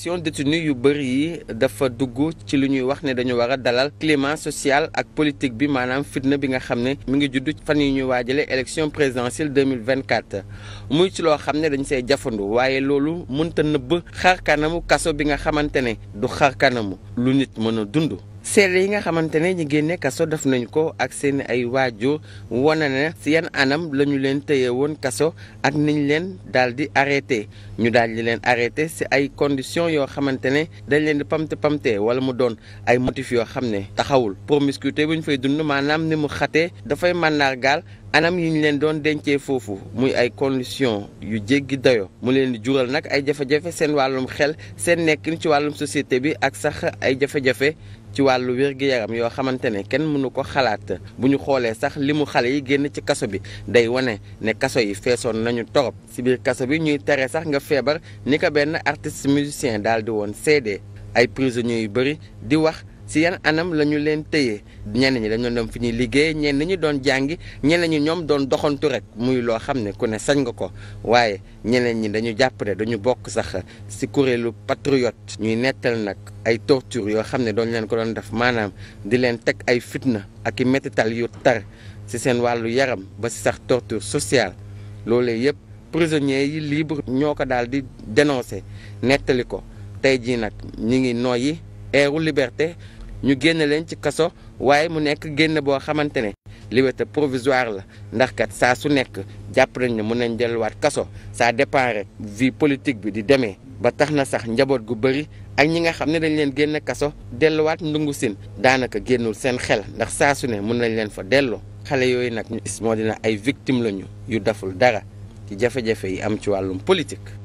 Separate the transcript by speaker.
Speaker 1: sion détenu yu bëri yi dafa dugg ci lu ñuy wax ne dañu war a dalal climat social ak politique bi maanaam fitna bi nga xam ne mi ngi juddu fan yi ñuy waajale élection présidentielle 2024 muy ci loo xam ne dañ say jafandu waaye loolu mënta nëbb xar kanamu kaso bi nga xamante ne du xar kanamu lu nit mën a dund seede yi nga xamante ne ñu génne kaso def nañu ko ak seen ay waajur wane ne si yan anam la ñu leen teye woon kaso ak niñ leen daal di arrêté ñu daal di leen arrêté si ay conditions yoo xamante ne dañ leen di pamte pamte wala mu doon ay motifs yoo xam ne taxawul promiscuité bu ñu fay dund maanaam ni mu xatee dafay màndargaal anam yi ñu leen doon dencee foofu muy ay conditions yu jéggi doyo mu leen di jural nag ay jafe-jafe seen wàllum xel seen nekkin ci wàllum société bi ak sax ay jafe-jafe ci wàllu wér-gu-yaram yoo xamante ne kenn mënu ko xalaat bu ñu xoolee sax li mu xale yi génn ci kaso bi day wane ne kaso yi feesoon nañu torop si biir kaso bi ñuy tere sax nga feebar ni ko benn artiste musicien daal di woon seede ay prisonniers yu bëri di wax si yan anam la ñu leen téye ñenn ñi dañu doon fi ñuy liggéey ñenn ñi doon jàngi ñeneen ñi ñoom doon doxantu rek muy loo xam ne ku ne sañ nga ko waaye ñeneen ñi dañu jàpp ne dañu bokk sax si kuréelu patriote ñuy nettal nag ay torture yoo xam ne doon leen ko doon def maanaam di leen teg ay fitna ak i métital yu tar si seen wàllu yaram ba si sax torture sociale loolee yëpp prisonniers yi libre ñoo ko daal di dénoncer nettali ko tey jii nag ñi ngi noyyi eeru liberté ñu génn leen ci kaso waaye mu nekk génn boo xamante ne liberté provisoire la ndax kat saa su nekk jàpp nañ ne mën nañ delluwaat kaso ça dépend rek vie politique bi di demee ba tax na sax njaboot gu bëri ak ñi nga xam ne dañ leen génn kaso delluwaat ndungu sin daanaka génnul seen xel ndax saa su ne mën nañ leen fa delloo xale yooyu nag ñu is moo dina ay victime lañu yu daful dara ci jafe-jafe yi am ci wàllum politique